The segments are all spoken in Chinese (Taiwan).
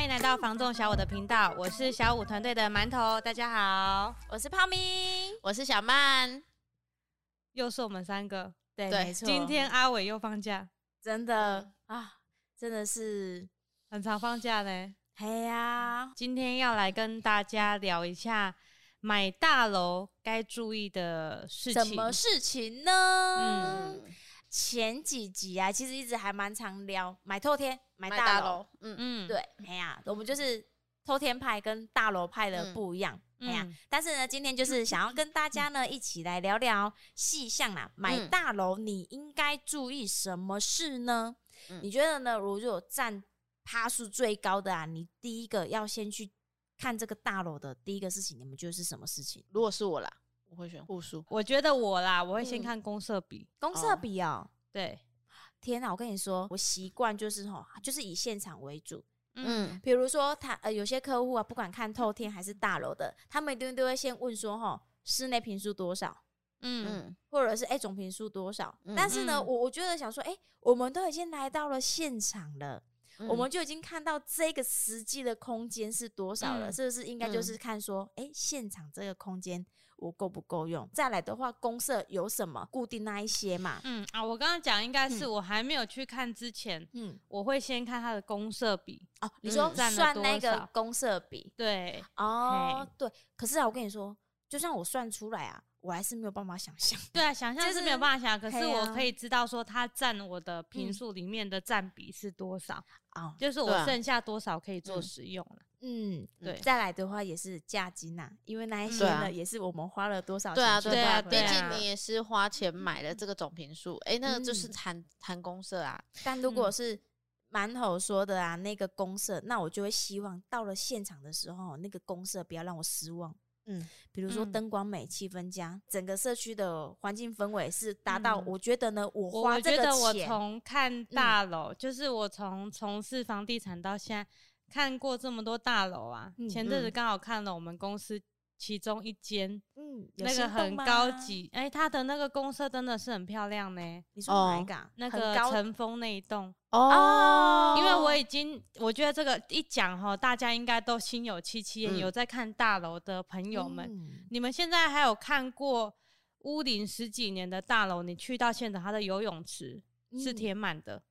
歡迎來到房仲小武的頻道，我是小武團隊的饅頭，大家好，我是泡咪，我是小曼，又是我們三個，對，對沒錯，今天阿偉又放假，真的啊，真的是很常放假呢。嘿呀、啊，今天要來跟大家聊一下買大樓該注意的事情，什麼事情呢？嗯，前幾集啊，其實一直還蠻常聊買透天。買大樓，嗯嗯，對，哎、嗯、呀，我們就是透天派跟大樓派的不一樣，哎、嗯、呀，但是呢，今天就是想要跟大家呢一起來聊聊細項啦、嗯，買大樓你應該注意什麼事呢、嗯？你覺得呢？如果佔趴數最高的啊，你第一個要先去看這個大樓的第一個事情，你們覺得是什麼事情？如果是我啦，我會選戶數，我覺得我啦，我會先看公設比，嗯、公設比哦，哦，對。天吶、啊，我跟你說，我習慣就是吼，就是以現場為主。嗯，比如說他呃，有些客戶啊，不管看透天還是大樓的，他們一定都會先問說哈，室內坪數多少嗯？嗯，或者是哎、欸，總坪數多少、嗯？但是呢，我我覺得想說，哎、欸，我們都已經來到了現場了，嗯、我們就已經看到這個實際的空間是多少了，嗯、是不是？應該就是看說，哎、欸，現場這個空間。我夠不夠用？再來的話，公設有什麼固定那一些嘛？嗯啊，我剛剛講應該是我還沒有去看之前，嗯，我會先看它的公設比哦、嗯。你說算那個公設比？對哦，對。可是啊，我跟你說，就算我算出來啊，我還是沒有辦法想象。對啊，想象是沒有辦法想、就是，可是我可以知道說它佔我的坪數裡面的佔比是多少啊、嗯，就是我剩下多少可以做使用了。嗯。嗯，對嗯，再來的話也是價金吶、啊，因為那些呢也是我們花了多少錢、嗯。對啊，對啊，畢竟你也是花錢買了這個總坪數。哎、嗯欸，那個、就是談談、嗯、公設啊。但如果是饅頭說的啊，那個公設、嗯，那我就會希望到了現場的時候，那個公設不要讓我失望。嗯，比如說燈光美、氣氛佳，整個社區的環境氛圍是達到。我覺得呢、嗯，我花這個錢。我，我覺得我從看大樓、嗯，就是我從從事房地產到現在。看過這麼多大樓啊，嗯、前陣子剛好看了我們公司其中一間，嗯，那個很高級，哎、嗯欸，他的那個公設真的是很漂亮呢、欸。你說海港、哦？那個層峰那一棟哦，因為我已經我覺得這個一講哈，大家應該都心有戚戚、嗯。有在看大樓的朋友們、嗯，你們現在還有看過屋齡十幾年的大樓？你去到現場，它的游泳池是填滿的、嗯，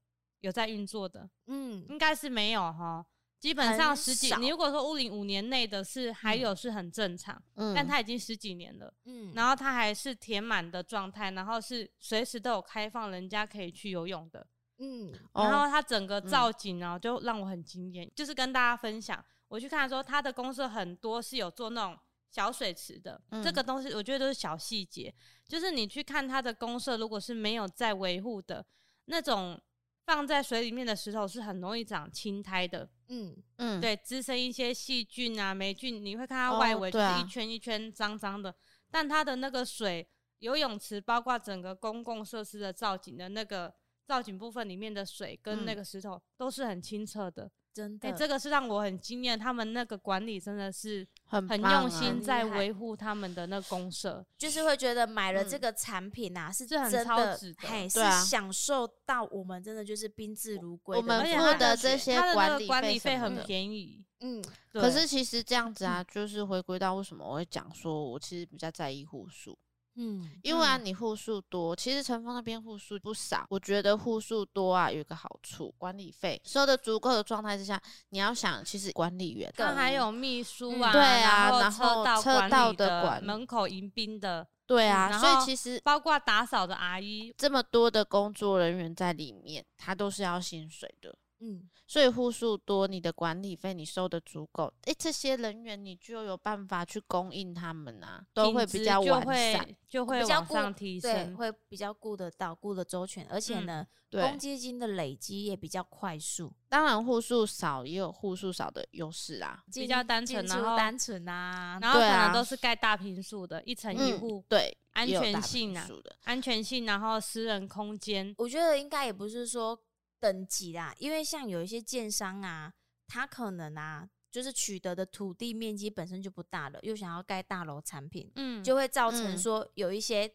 有在運作的，嗯，應該是沒有哈。基本上十幾，你如果說屋齡五年內的是還有是很正常，嗯，但它已經十幾年了，嗯，然後它還是填滿的狀態，然後是隨時都有開放人家可以去游泳的，嗯，然後它整個造景呢就讓我很驚豔，嗯，就是跟大家分享，我去看說它的公設很多是有做那種小水池的，嗯，這個東西我覺得都是小細節，就是你去看它的公設如果是沒有在維護的那種。放在水裡面的石頭是很容易長青苔的，嗯嗯，對，滋生一些細菌啊、霉菌，你會看它外圍就是一圈一圈髒髒的、哦啊。但它的那個水，游泳池包括整個公共設施的造景的那個造景部分裡面的水跟那個石頭都是很清澈的。嗯對、欸，這個是讓我很驚艷，他們那個管理真的是很很用心，在維護他們的那個公設、啊，就是會覺得買了這個產品啊，嗯、是真的是很超值，對，是享受到我們真的就是賓至如歸，我們獲得這些管理費很便宜，嗯，可是其實這樣子啊，就是回歸到為什麼我會講說，我其實比較在意戶數。嗯，因為啊，嗯、你戶數多，其實陳峰那邊戶數不少。我覺得戶數多啊，有一個好處，管理費收得足夠的狀態之下，你要想，其實管理員他還有秘書啊、嗯，對啊，然後車道，管理的，然後車道的管，門口迎賓的，對啊，嗯、然後所以其實包括打掃的阿姨，這麼多的工作人員在裡面，他都是要薪水的。嗯，所以戶數多，你的管理費你收的足夠，哎、欸，這些人員你就有辦法去供應他們啊，都會比較完善，就會，就會比較，比較往上提升，會比較顧得到，顧得周全，而且呢，公、嗯、積金的累積也比較快速。當然戶數，戶數少也有戶數少的優勢啊，比較單純，然後單純啊，然後可能都是蓋大坪數的，一層一戶、嗯，對，安全性啊，安全性，然後私人空間，我覺得應該也不是說。等級啦，因為像有一些建商啊，他可能啊，就是取得的土地面積本身就不大了，又想要蓋大樓產品、嗯，就會造成說有一些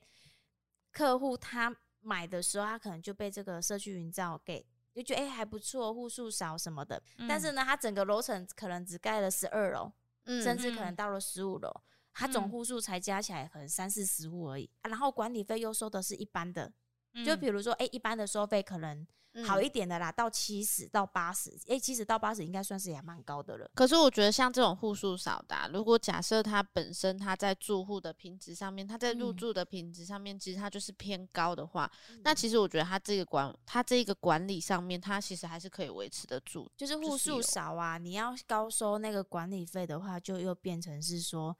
客戶他買的時候，他可能就被這個社區營造給就覺得哎、欸、還不錯，戶數少什麼的、嗯，但是呢，他整個樓層可能只蓋了十二樓，甚至可能到了十五樓，他總戶數才加起來可能三四十戶而已、嗯啊，然後管理費又收的是一般的，嗯、就比如說哎、欸、一般的收費可能。嗯、好一點的啦，到七十到八十，欸，誒，七十到八十應該算是也蠻高的了。可是我覺得像這種戶數少的、啊，如果假設它本身它在住戶的品質上面，它在入住的品質上面，嗯、其實它就是偏高的話，嗯、那其實我覺得它這個管它這個管理上面，它其實還是可以維持得住。就是戶數少啊、就是，你要高收那個管理費的話，就又變成是說。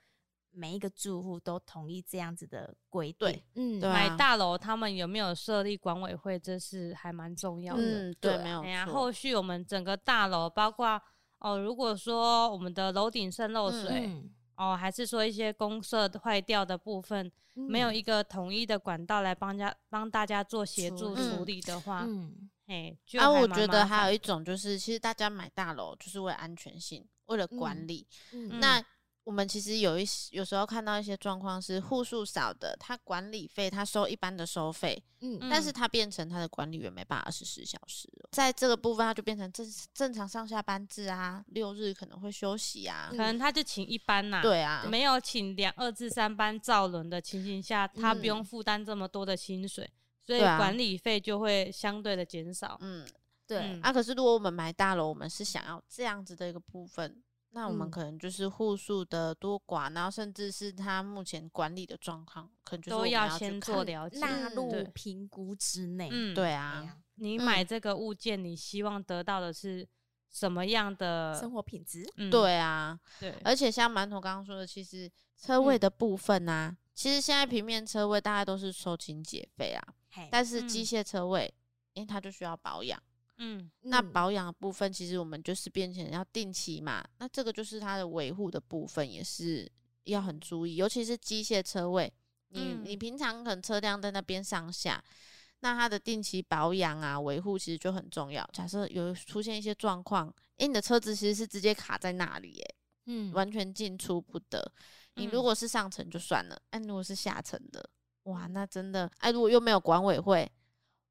每一個住戶都同意這樣子的規定，對，嗯，買大樓他們有沒有設立管委會，這是還蠻重要的，嗯，對、啊嗯對，沒有。然、欸啊、後續我們整個大樓，包括哦，如果說我們的樓頂滲漏水、嗯，哦，還是說一些公設壞掉的部分、嗯，沒有一個統一的管道來幫家幫大家做協助處理的話，嗯，哎、嗯欸，啊，我覺得還有一種就是，其實大家買大樓就是為了安全性，為了管理，嗯嗯、那。我們其實有一些，有時候看到一些狀況是戶數少的、嗯，他管理費他收一般的收費，嗯，但是他變成他的管理員沒辦法二十四小時、喔，在這個部分他就變成正正常上下班制啊，六日可能會休息啊，嗯、可能他就請一班吶、啊，對啊，沒有請兩二至三班照輪的情形下，他不用負擔這麼多的薪水，所以管理費就會相對的減少、啊，嗯，對，嗯、啊，可是如果我們買大樓，我們是想要這樣子的一個部分。那我們可能就是戶數的多寡，然後甚至是他目前管理的狀況，可能就是我們要都要先做了解，納入評估之內、嗯。對啊，你買這個物件、嗯，你希望得到的是什麼樣的生活品質、嗯？對啊，對而且像饅頭剛剛說的，其實車位的部分啊、嗯，其實現在平面車位大概都是收清潔費啊，但是機械車位、嗯，因為它就需要保養。嗯，那保養的部分、嗯、其實我們就是變成要定期嘛，那這個就是它的維護的部分也是要很注意，尤其是機械車位，你、嗯、你平常可能車輛在那邊上下，那它的定期保養啊維護其實就很重要。假設有出現一些狀況，因、欸、你的車子其實是直接卡在那裡、欸，誒。嗯，完全進出不得。你如果是上層就算了，哎、嗯、啊、如果是下層的，哇，那真的，哎、啊，如果又沒有管委會，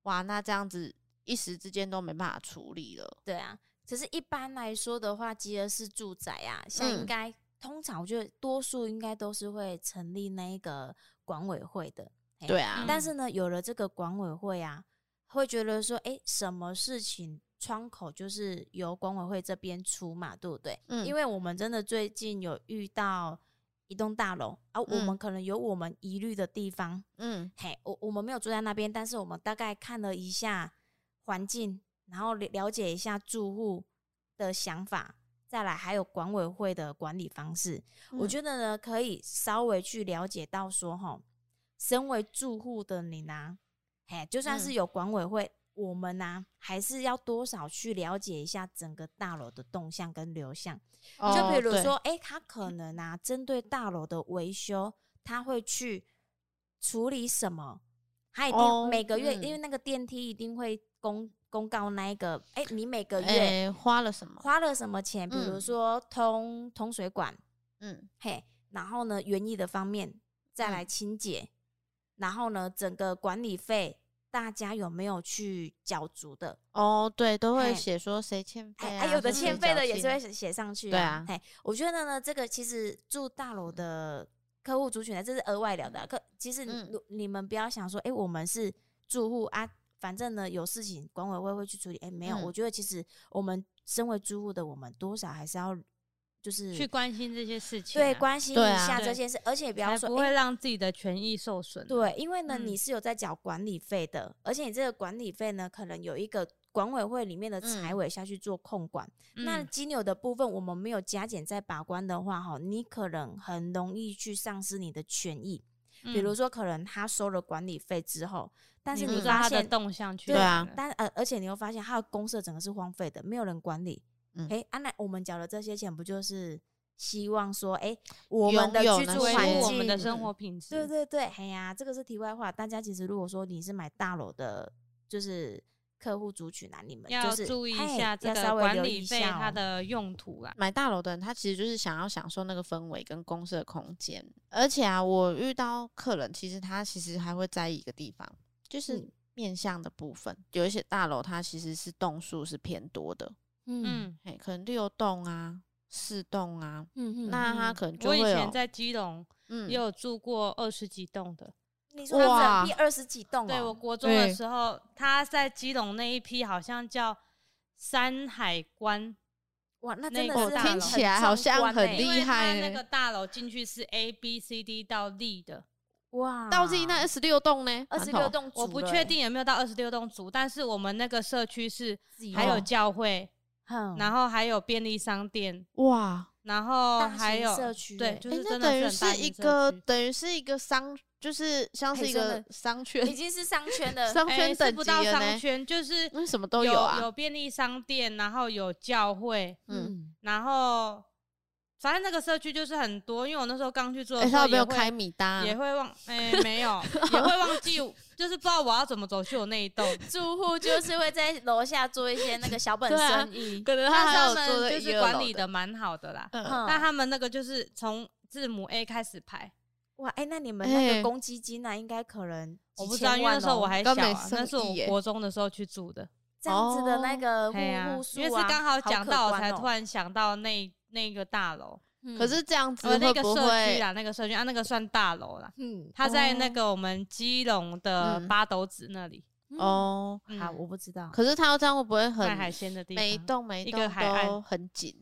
哇，那這樣子。一時之間都沒辦法處理了。對啊，其實一般來說的話，集合式住宅啊，像應該、嗯、通常，我覺得多數應該都是會成立那一個管委會的。對啊、嗯。但是呢，有了這個管委會啊，會覺得說，哎、欸，什麼事情窗口就是由管委會這邊出嘛，對不對？嗯。因為我們真的最近有遇到一棟大樓、嗯、啊，我們可能有我們疑慮的地方。嗯。嘿，我我們沒有住在那邊，但是我們大概看了一下環境，然後了解一下住戶的想法，再來還有管委會的管理方式。嗯、我覺得呢，可以稍微去了解到說，吼，身為住戶的你呢、啊，哎，就算是有管委會，嗯、我們呢、啊、還是要多少去了解一下整個大樓的動向跟流向。哦、就比如說，誒、欸，他可能啊，針對大樓的維修，他會去處理什麼？他一定每個月，哦嗯、因為那個電梯一定會。公公告那一個，哎、欸，你每個月、欸、花了什麼？花了什麼錢？比如說通、嗯、通水管，嗯，嘿，然後呢，園藝的方面再來清潔、嗯，然後呢，整個管理費大家有沒有去繳足的？哦，對，都會寫說誰欠費哎、啊欸欸，有的欠費的也是會寫寫上去、啊嗯，對啊、欸，我覺得呢，這個其實住大樓的客戶族群呢，這是額外了的、啊，可其實，你們不要想說，哎、欸，我們是住戶啊。反正呢，有事情管委會會去處理。哎、欸，沒有、嗯，我覺得其實我們身為住戶的，我們多少還是要就是去關心這些事情、啊，對，關心一下這件事、啊。而且也不要說不會讓自己的權益受損、啊欸。對，因為呢，嗯、你是有在繳管理費的，而且你這個管理費呢，可能有一個管委會裡面的財委下去做控管、嗯。那金牛的部分，我們沒有加減在把關的話，哈，你可能很容易去喪失你的權益。比如說，可能他收了管理費之後，嗯、但是你發現動向去對。對啊，但呃，而且你會發現他的公設整個是荒廢的，沒有人管理。誒、嗯，安、欸、娜，啊、我們繳了這些錢不就是希望說，誒、欸，我們的居住環境、我們的生活品質、嗯？對對對，哎呀、啊，這個是題外話。大家其實如果說你是買大樓的，就是。客戶主群啊，你們、就是、要注意一下這個管理費它的用途啊。欸哦、買大樓的人，他其實就是想要享受那個氛圍跟公司的空間。而且啊，我遇到客人，其實他其實還會在意一個地方，就是面向的部分、嗯。有一些大樓，它其實是棟數是偏多的，嗯，欸、可能六棟啊、四棟啊，嗯哼哼，那他可能就我以前在基隆，嗯，有住過二十幾棟的。哇！一二十幾棟、喔。對，我國中的時候，他在基隆那一批，好像叫山海關。哇，那真的、那個、聽起來好像很厲害、欸。那個大樓進去是 A B C D 到 D 的。哇，到 E 那二十六棟呢？二十六棟，我不確定有沒有到二十六棟組，但是我們那個社區是還有教會、哦嗯，然後還有便利商店。哇，然後還有社區、欸，對，就是，真的是很、欸、等於是一個等於是一個商。就是像是一個商圈，欸，已經是商圈的商圈等級了欸。欸，是不到商圈，就是什麼都有啊，有便利商店，然後有教會，嗯，然後反正這個社區就是很多，因為我那時候剛去做的，那時候沒有開米搭，啊，也會忘，哎，欸，沒有，也會忘記， 就是不知道我要怎麼走去我那一棟。 住戶就是會在樓下做一些那個小本生意，啊，可能他，他們就是管理的蠻好的啦。就是，的嗯嗯，但他們那個就是從字母 A 開始排。哇，哎、欸，那你們那個公積金呢、啊，欸？應該可能我不知道，因為那時候我還小、啊，那是我國中的時候去住的。這樣子的那個戶數、啊啊、因為是剛好講到，我才突然想到那那個大樓、嗯。可是這樣子那個社區啊，那個社區、那個、啊，那個算大樓啦。嗯，他在那個我們基隆的八斗子那裡。嗯嗯、哦，好，我不知道。可是他這樣會不會很海鮮的地方？每棟每棟都很緊，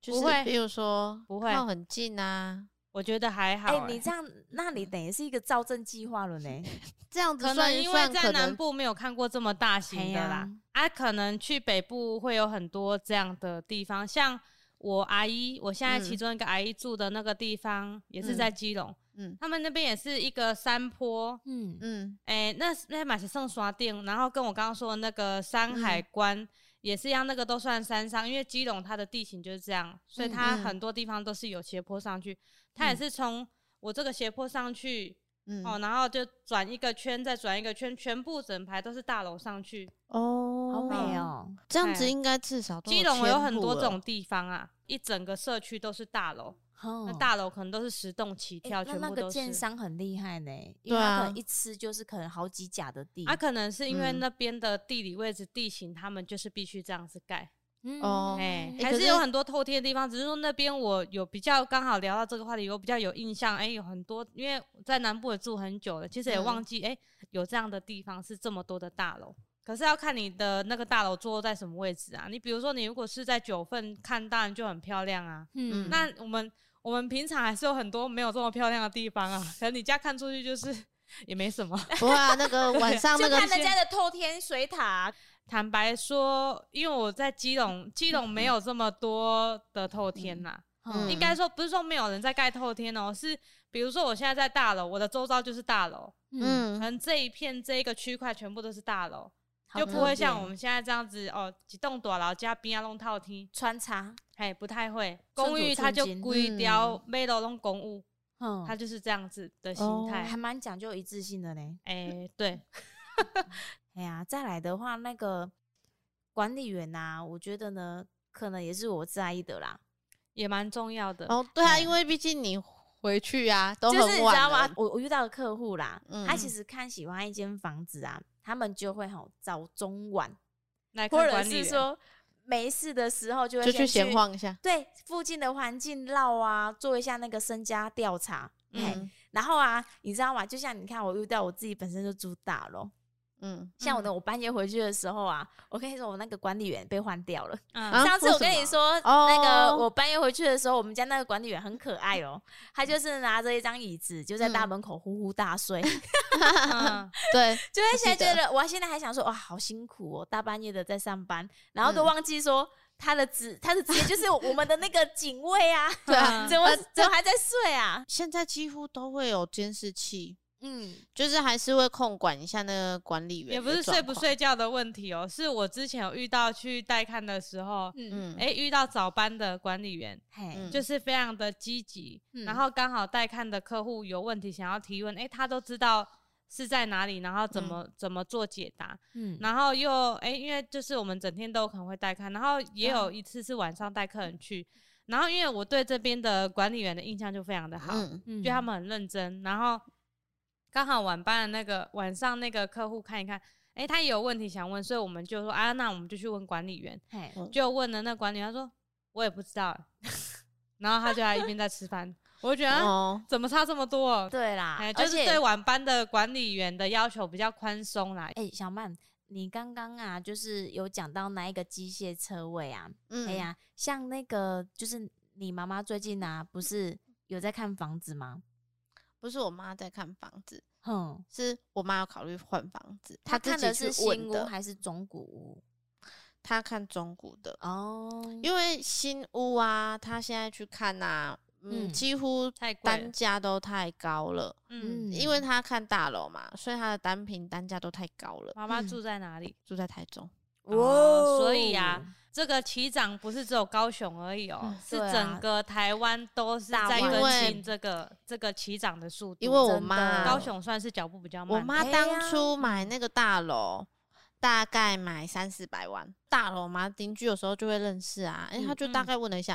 就是比如說不會很近啊。我覺得還好、欸。哎、欸，你這樣，那你等於是一個造鎮計劃了呢、欸？ 這樣子可能，可能因為在南部沒有看過這麼大型的啦啊，啊，可能去北部會有很多這樣的地方。像我阿姨，我現在其中一個阿姨住的那個地方、嗯、也是在基隆，嗯，他們那邊也是一個山坡，嗯嗯，哎、欸，那那馬偕聖刷啊，店，然後跟我剛剛說的那個山海關、嗯、也是一樣，那個都算山上，因為基隆它的地形就是這樣，所以它很多地方都是有斜坡上去。嗯嗯它也是從我這個斜坡上去，嗯哦，然後就轉一個圈，再轉一個圈，全部整排都是大樓上去。哦，好美哦！哦，這樣子應該至少基隆有很多這種地方啊，一整個社區都是大樓，哦，那大樓可能都是十棟起跳，欸全部都是，那那個建商很厲害呢，因為他可能一吃就是可能好幾甲的地。那、啊啊、可能是因為那邊的地理位置、嗯、地形，他們就是必須這樣子蓋。哦、嗯，哎、嗯欸，還是有很多透天的地方，欸、是只是說那邊我有比較剛好聊到這個話題，我比較有印象。哎、欸，有很多，因為在南部也住很久了，其實也忘記哎、嗯欸、有這樣的地方是這麼多的大樓。可是要看你的那個大樓坐落在什麼位置啊？你比如說，你如果是在九份看當然就很漂亮啊。嗯，那我們我們平常還是有很多沒有這麼漂亮的地方啊。可能你家看出去就是也沒什麼。哇、 啊，那個晚上那個那就看人家的透天水塔。坦白說，因為我在基隆，基隆沒有這麼多的透天吶、嗯嗯。應該說，不是說沒有人在蓋透天哦、喔，是比如說我現在在大樓，我的周遭就是大樓。嗯，可能這一片、嗯、這個區塊全部都是大樓，就不會像我們現在這樣子哦、喔，一棟大樓加邊啊弄透天穿插，哎，不太會。公寓他就規掉每棟弄公屋，他、嗯嗯、就是這樣子的心態、哦，還蠻講究一致性的嘞。哎、欸，對。嗯 哎呀，再來的話，那個管理員吶、啊，我覺得呢，可能也是我在意的啦，也蠻重要的哦。對啊，嗯、因為畢竟你回去啊，都很晚。就是、你知道嗎？我我遇到的客戶啦，嗯、他其實看喜歡一間房子啊，他們就會好早中晚來看管理員，或者是說沒事的時候就會去閒晃一下，對，附近的環境繞啊，做一下那個身家調查。哎、嗯嗯，然後啊，你知道嗎？就像你看，我遇到我自己本身就住大咯。嗯，像我呢，我半夜回去的時候啊，嗯、我跟你說，我那個管理員被換掉了、嗯。上次我跟你說，那個我半夜回去的時候，嗯、我們家那個管理員很可愛哦、喔嗯，他就是拿着一張椅子，就在大門口呼呼大睡。嗯嗯、 對，就是現在覺得、得，我現在還想說，哇，好辛苦哦、喔，大半夜的在上班，然後都忘記說他的職、嗯、他的職業就是我們的那個警衛啊， 對啊，啊，怎麼、啊、怎麼還在睡啊？現在幾乎都會有監視器。嗯，就是還是會控管一下那個管理員，也不是睡不睡覺的問題哦、喔，是我之前有遇到去帶看的時候，嗯嗯，誒、欸，遇到早班的管理員，嘿，嗯、就是非常的積極，然後剛好帶看的客戶有問題想要提問，誒、嗯欸，他都知道是在哪裡，然後怎麼、嗯、怎麼做解答，嗯，然後又誒、欸，因為就是我們整天都可能會帶看，然後也有一次是晚上帶客人去、嗯，然後因為我對這邊的管理員的印象就非常的好，嗯，對他們很認真，然後。剛好晚班的那個晚上，那個客戶看一看，誒、欸，他也有問題想問，所以我們就說啊，那我們就去問管理員，嘿，就問了那個管理員，他說我也不知道， 然後他就在一邊在吃飯， 我就覺得、哦啊、怎麼差這麼多？對啦、欸，就是對晚班的管理員的要求比較寬鬆啦。哎、欸，小曼，你剛剛啊，就是有講到哪一個機械車位啊？哎、嗯、呀、hey 啊，像那個就是你媽媽最近啊，不是有在看房子嗎？不是我媽在看房子，嗯、是我媽要考慮換房子。她看的是新屋還是中古屋？她看中古的哦，因為新屋啊，她現在去看呐、啊嗯，嗯，幾乎單價都太高了，嗯，因為她看大樓嘛，所以她的單品單價都太高了。媽、嗯、媽住在哪裡、嗯？住在台中。哦，哦所以呀、啊。這個起漲不是只有高雄而已哦，嗯、是整個台灣都是在更這個這個起漲的速度。因為我媽高雄算是腳步比較慢。我媽當初買那個大樓，大概買三四百萬大樓嘛，鄰、嗯、居有時候就會認識啊，哎、欸，他就大概問了一下，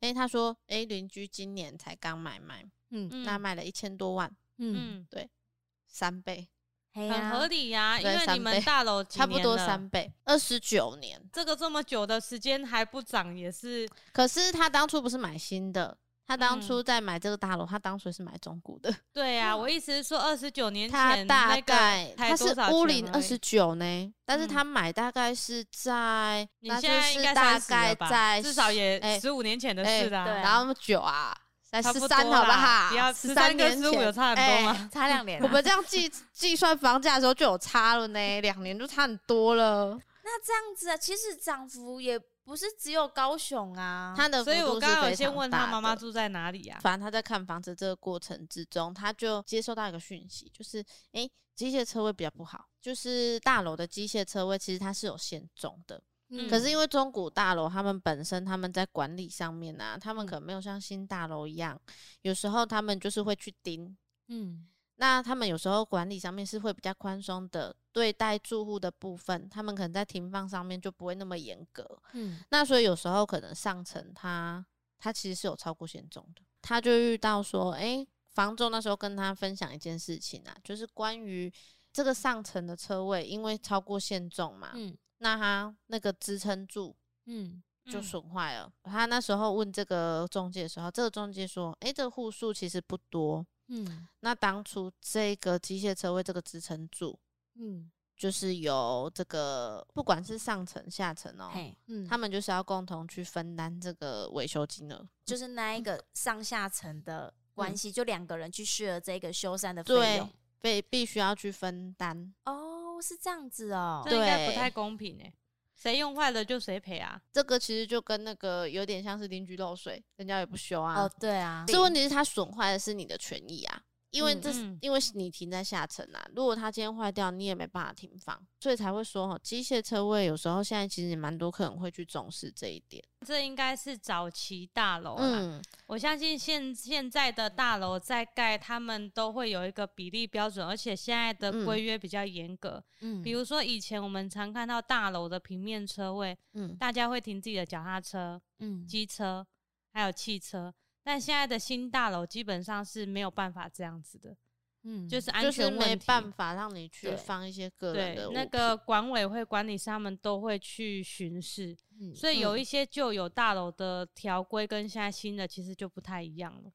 哎、嗯，他、欸、說，哎、欸，鄰居今年才剛買賣，嗯，他、嗯、買了一千多萬，嗯，對，三倍。啊、很合理呀，啊，因為你們大樓差不多三倍，二十九年，這個這麼久的時間還不漲也是。可是他當初不是買新的，他當初在買這個大樓，嗯，他當初是買中古的。對呀，啊，我意思是說二十九年前他大概他是屋齡二十九呢，但是他買大概是在，嗯、是大概在你現在應該大概在，欸、至少也十五年前的事，啊欸，對，啊，然後那麼久啊。在十三，好不好？十三跟十五有差很多嗎？欸、差兩年、啊， 我們這樣計計算房價的時候就有差了呢，兩 年就差很多了。 那這樣子啊，其實漲幅也不是只有高雄啊，它的，的。所以我剛剛有先問他媽媽住在哪裡啊，反正他在看房子這個過程之中，他就接收到一個訊息，就是哎，機、欸、械車位比較不好，就是大樓的機械車位其實它是有限重的。嗯、可是因為中古大樓，他們本身他們在管理上面啊，他們可能沒有像新大樓一樣，有時候他們就是會去盯，嗯，那他們有時候管理上面是會比較寬鬆的對待住戶的部分，他們可能在停放上面就不會那麼嚴格，嗯，那所以有時候可能上層他他其實是有超過限重的，他就遇到說，哎、欸，房仲那時候跟他分享一件事情啊，就是關於這個上層的車位因為超過限重嘛，嗯那他那個支撐柱，嗯，就損壞了。他那時候問這個仲介的時候，這個仲介說：“哎，這個戶數其實不多，嗯。那當初這個機械車位這個支撐柱，嗯，就是由這個不管是上層下層哦，嗯，他們就是要共同去分擔這個維修金額，就是那一個上下層的關係，嗯，就兩個人去續了這個修繕的費用，對，被必須要去分擔哦。”不是這樣子哦、喔，對，這應該不太公平哎、欸，誰用壞了就誰賠啊？這個其實就跟那個有點像是鄰居漏水，人家也不修啊。哦，對啊，這問題是它損壞的是你的權益啊。因為這是因為你停在下層啦。如果它今天壞掉，你也沒辦法停放，所以才會說哈，機械車位有時候現在其實也蠻多客人會去重視這一點、嗯。Right. 嗯、這應該是早期大樓啦，我相信現現在的大樓在蓋，他們都會有一個比例標準，而且現在的規約比較嚴格。比如說以前我們常看到大樓的平面車位，大家會停自己的腳踏車，嗯，機車還有汽車。但現在的新大樓基本上是沒有辦法這樣子的，嗯，就是安全、就是、沒辦法讓你去放一些個人的，對，對，那個管委會管理商他們都會去巡視，嗯、所以有一些舊有大樓的條規跟現在新的其實就不太一樣了。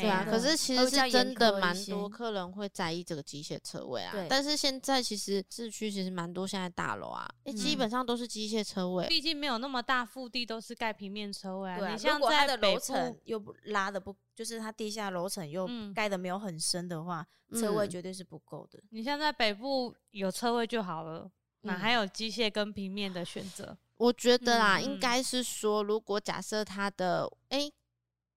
對啊，可是其實是真的蠻多客人會在意這個機械車位啊。但是現在其實市區其實蠻多現在大樓啊，嗯欸、基本上都是機械車位，畢竟沒有那麼大腹地都是蓋平面車位啊。啊你像在北部又拉的不，就是它地下樓層又蓋的沒有很深的話，嗯、車位絕對是不夠的、嗯。你像在北部有車位就好了，哪還有機械跟平面的選擇、嗯？我覺得啊、嗯嗯，應該是說，如果假設它的哎、欸、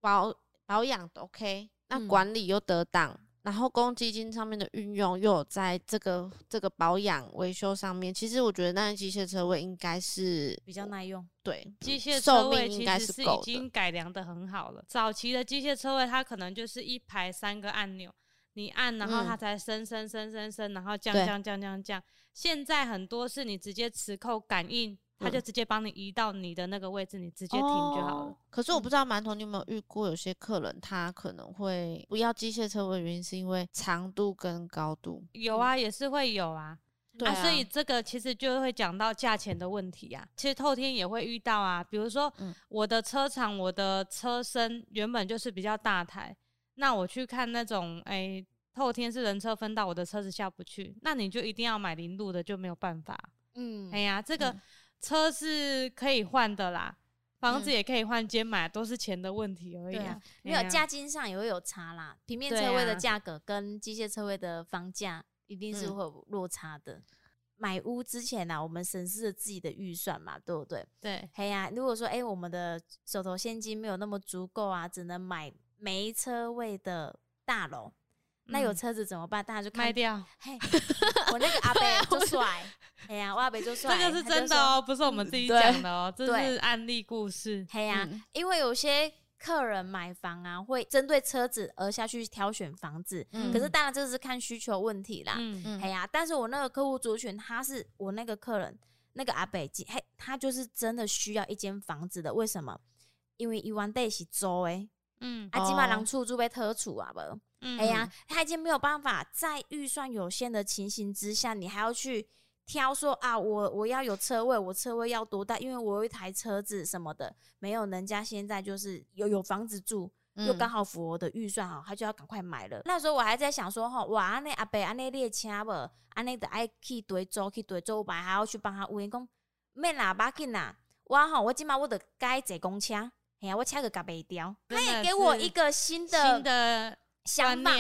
保。保養都 OK，那管理又得當、嗯，然後公共基金上面的運用又有在這個這個保養維修上面，其實我覺得那些機械車位應該是比較耐用，對、嗯，機械車位其實是已經改良的很好了、嗯。早期的機械車位，它可能就是一排三個按鈕，你按然後它才升升升升升，然後降降降降降。現在很多是你直接磁扣感應。他就直接幫你移到你的那個位置，你直接停就好了。哦、可是我不知道饅頭，你有沒有遇過有些客人、嗯、他可能會不要機械車的原因，是因為長度跟高度？有啊，嗯、也是會有啊。對啊，啊，所以這個其實就會講到價錢的問題啊。其實透天也會遇到啊，比如說、嗯、我的車廠，我的車身原本就是比較大台，那我去看那種哎透、欸、天是人車分道，我的車子下不去，那你就一定要買零度的，就沒有辦法。嗯，哎、欸、呀、啊，這個。嗯車是可以換的啦，房子也可以換，間、嗯、買都是錢的問題而已、啊。對、啊對啊，沒有價金上也會有差啦。平面車位的價格跟機械車位的房價一定是會有落差的。嗯、買屋之前呢、啊，我們審視了自己的預算嘛，對不對？對。嘿呀、啊，如果說哎、欸，我們的手頭現金沒有那麼足夠啊，只能買沒車位的大樓。那有車子怎麼辦？嗯、大家就開掉。嘿，我那個阿伯就帥。哎 呀、啊，我阿伯帥 就帥。這個是真的哦、喔嗯嗯，不是我們自己講的哦、喔，這是案例故事，對對、啊嗯。因為有些客人買房啊，會針對車子而下去挑選房子。嗯、可是當然這是看需求問題啦。哎、嗯、呀、啊嗯啊，但是我那個客戶族群，他是我那個客人，那個阿伯，嘿，他就是真的需要一間房子的。為什麼？因為一灣帶是租誒，嗯，阿起碼能出租被特出啊不。嗯、哎呀，他已經沒有辦法在預算有限的情形之下，你還要去挑說啊，我我要有車位，我車位要多大？因為我有一台車子什麼的，沒有人家現在就是有有房子住，又剛好符合我的預算哈、哦，他就要趕快買了、嗯。那時候我還在想說哈，哇，安尼阿伯安尼列車不，安尼的，愛去堆租去堆租，白還要去幫他餵工，咩喇叭勁啦，我哈、哦，我即碼我的改坐公車。哎呀，我踩個夾背雕，他也給我一個新的新的。想法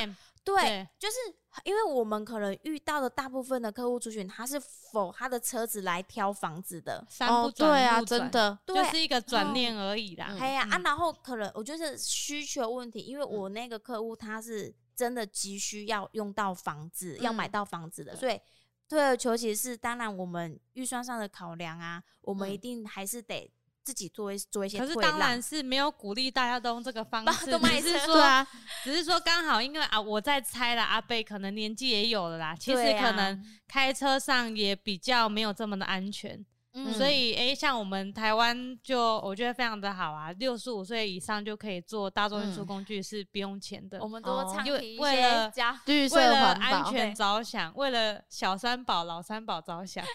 對，對，就是因為我們可能遇到的大部分的客戶諮詢，他是否他的車子來挑房子的，哦對啊真的對，啊就是一個轉念而已啦。哎、哦、呀、嗯啊，嗯、啊，然後可能我就是需求問題，因為我那個客戶他是真的急需要用到房子，嗯、要買到房子的，嗯、所以退而、啊、求其次，當然我們預算上的考量啊、嗯，我們一定還是得。自己做一做一些，可是當然是沒有鼓勵大家都用這個方式，都買車只是說，啊、只是說剛好，因為啊，我在猜了，阿貝可能年紀也有了啦、啊，其實可能開車上也比較沒有這麼的安全。嗯、所以，哎、欸，像我們台灣就我覺得非常的好啊，六十五歲以上就可以坐，大眾運輸工具是不用錢的。嗯、我們多倡導一些綠色環保為了安全着想、okay，為了小三寶、老三寶着想。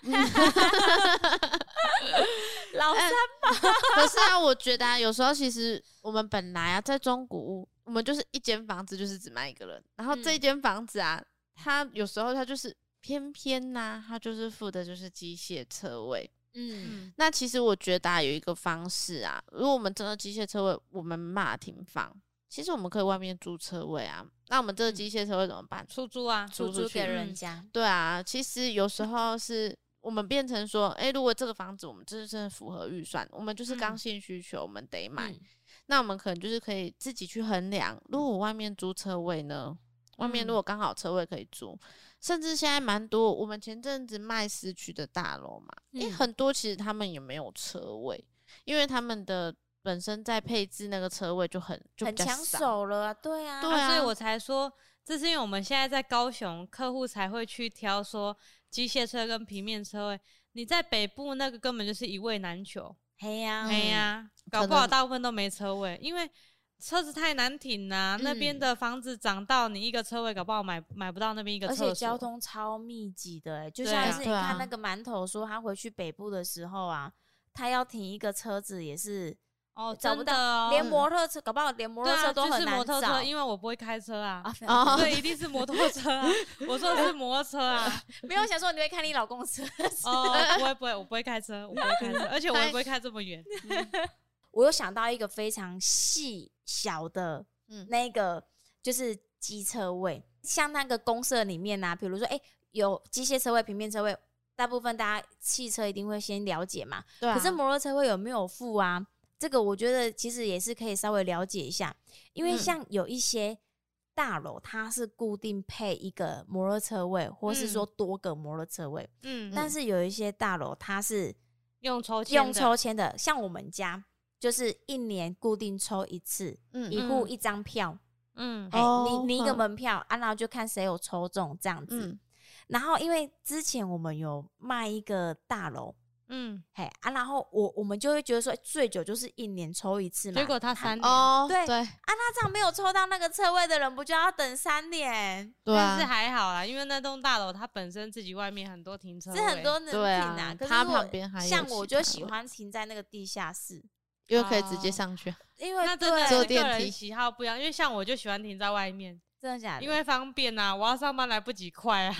老三寶寶、欸， 可是啊，我覺得啊，有時候其實我們本來啊，在中古屋我們就是一間房子就是只賣一個人，然後這間房子啊、嗯，它有時候它就是偏偏吶、啊，它就是附的就是機械車位。嗯，那其實我覺得、啊、有一個方式啊，如果我們真的機械車位，我們罵停放，其實我們可以外面租車位啊。那我們這個機械車位怎麼辦？嗯、出租啊租出去，出租給人家。對啊，其實有時候是我們變成說，哎、嗯欸，如果這個房子我們是真的符合預算，我們就是剛性需求、嗯，我們得買、嗯。那我們可能就是可以自己去衡量，如果外面租車位呢？外面如果剛好車位可以租、嗯，甚至現在蠻多。我們前陣子賣市區的大樓嘛，因、嗯、為、欸、很多其實他們也沒有車位，因為他們的本身在配置那個車位就很就很搶手了，對啊，對啊，啊所以我才說，這是因為我們現在在高雄，客戶才會去挑說機械車跟平面車位。你在北部那個根本就是一位難求，哎呀哎呀，搞不好大部分都沒車位，因為。車子太難停了、啊嗯，那邊的房子漲到你一個車位，搞不好買買不到那邊一個。而且交通超密集的，欸，就像是你看那個饅頭說他回去北部的時候啊，他要停一個車子也是哦，真的、哦。連摩托車、嗯、搞不好連摩托車都很難找，嗯啊就是、因為我不會開車啊，對、哦、所以一定是摩托車啊， 我說的是摩托車啊， 沒有想說你會看你老公車，會、哦、 不會，我不會開車，我不會開車， 而且我也不會開這麼遠。 嗯 我又想到一個非常細小的，嗯，那個就是機車位，像那個公設裡面啊，比如說，誒、欸，有機械車位、平面車位，大部分大家汽車一定會先了解嘛，對啊、可是摩托車位有沒有附啊？這個我覺得其實也是可以稍微了解一下，因為像有一些大樓，它是固定配一個摩托車位，或是說多個摩托車位，嗯。但是有一些大樓，它是用抽用抽籤的，像我們家。就是一年固定抽一次，嗯，一戶一張票，嗯，哎、欸哦，你你一個門票，嗯、啊，然後就看誰有抽中這樣子，嗯，然後因為之前我們有賣一個大樓，嗯，嘿、欸、啊，然後我我們就會覺得說最久就是一年抽一次嘛，結果他三年，哦、對、對、對，啊，那這樣沒有抽到那個車位的人不就要等三年？但是、啊、還好啦，因為那棟大樓它本身自己外面很多停車位，是很多人停，啊、對啊，可是我他旁邊像我就喜歡停在那個地下室。 因為可以直接上去，啊、因為對那真的坐電梯，個人喜好不一樣。因為像我就喜歡停在外面，真的假的？因為方便吶、啊，我要上班來不及，快啊，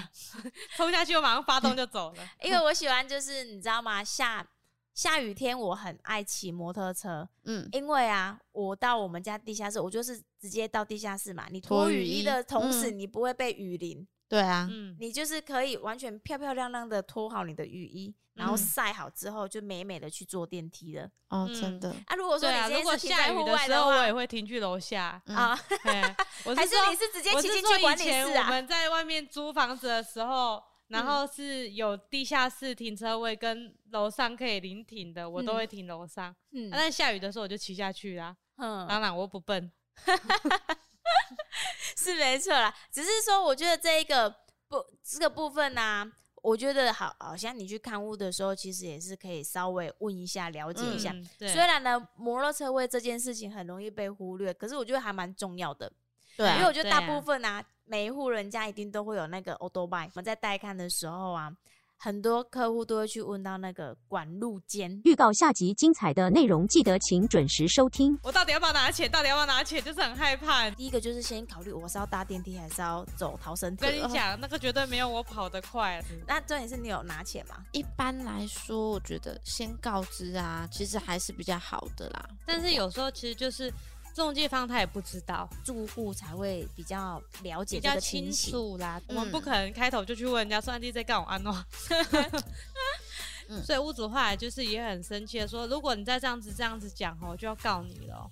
衝 下去我馬上發動就走了。 因為我喜歡，就是你知道嗎？下下雨天我很愛騎摩托車，嗯，因為啊，我到我們家地下室，我就是直接到地下室嘛。你脫雨衣的同時，你不會被雨淋。嗯對啊、嗯，你就是可以完全漂漂亮亮的脫好你的雨衣，嗯，然後曬好之後就美美的去坐電梯了。嗯，哦，真的，嗯，啊！如果說對，啊、如果下雨的時候，我也會停去樓下啊、嗯嗯。 還是你是直接騎去是，啊？我是說以前我們在外面租房子的時候，然後是有地下室停車位跟樓上可以臨停的，嗯，我都會停樓上。嗯，那，啊、下雨的時候我就騎下去啊。嗯，當然我不笨。 是沒錯啦，只是說，我覺得這一個不這個部分呢、啊，我覺得好，好像你去看屋的時候，其實也是可以稍微問一下，了解一下。嗯、雖然呢，摩托車位這件事情很容易被忽略，可是我覺得還蠻重要的。對、啊，因為我覺得大部分啊，啊每一戶人家一定都會有那個歐兜拜。我們在帶看的時候啊。很多客戶都會去問到那個管路間。預告下集精彩的內容，記得請準時收聽。我到底要不要拿錢？到底要不要拿錢？就是很害怕。第一個就是先考慮我是要搭電梯還是要走逃生梯。跟你講，那個絕對沒有我跑得快。 那重點是你有拿錢嗎？一般來說，我覺得先告知啊，其實還是比較好的啦。但是有時候，其實就是。這種地方他也不知道，住戶才會比較了解，比較清楚啦。這個嗯、我們不可能開頭就去問人家算計在幹嘛呢？所以屋主後來就是也很生氣的說：“如果你再這樣子這樣子講我就要告你了。”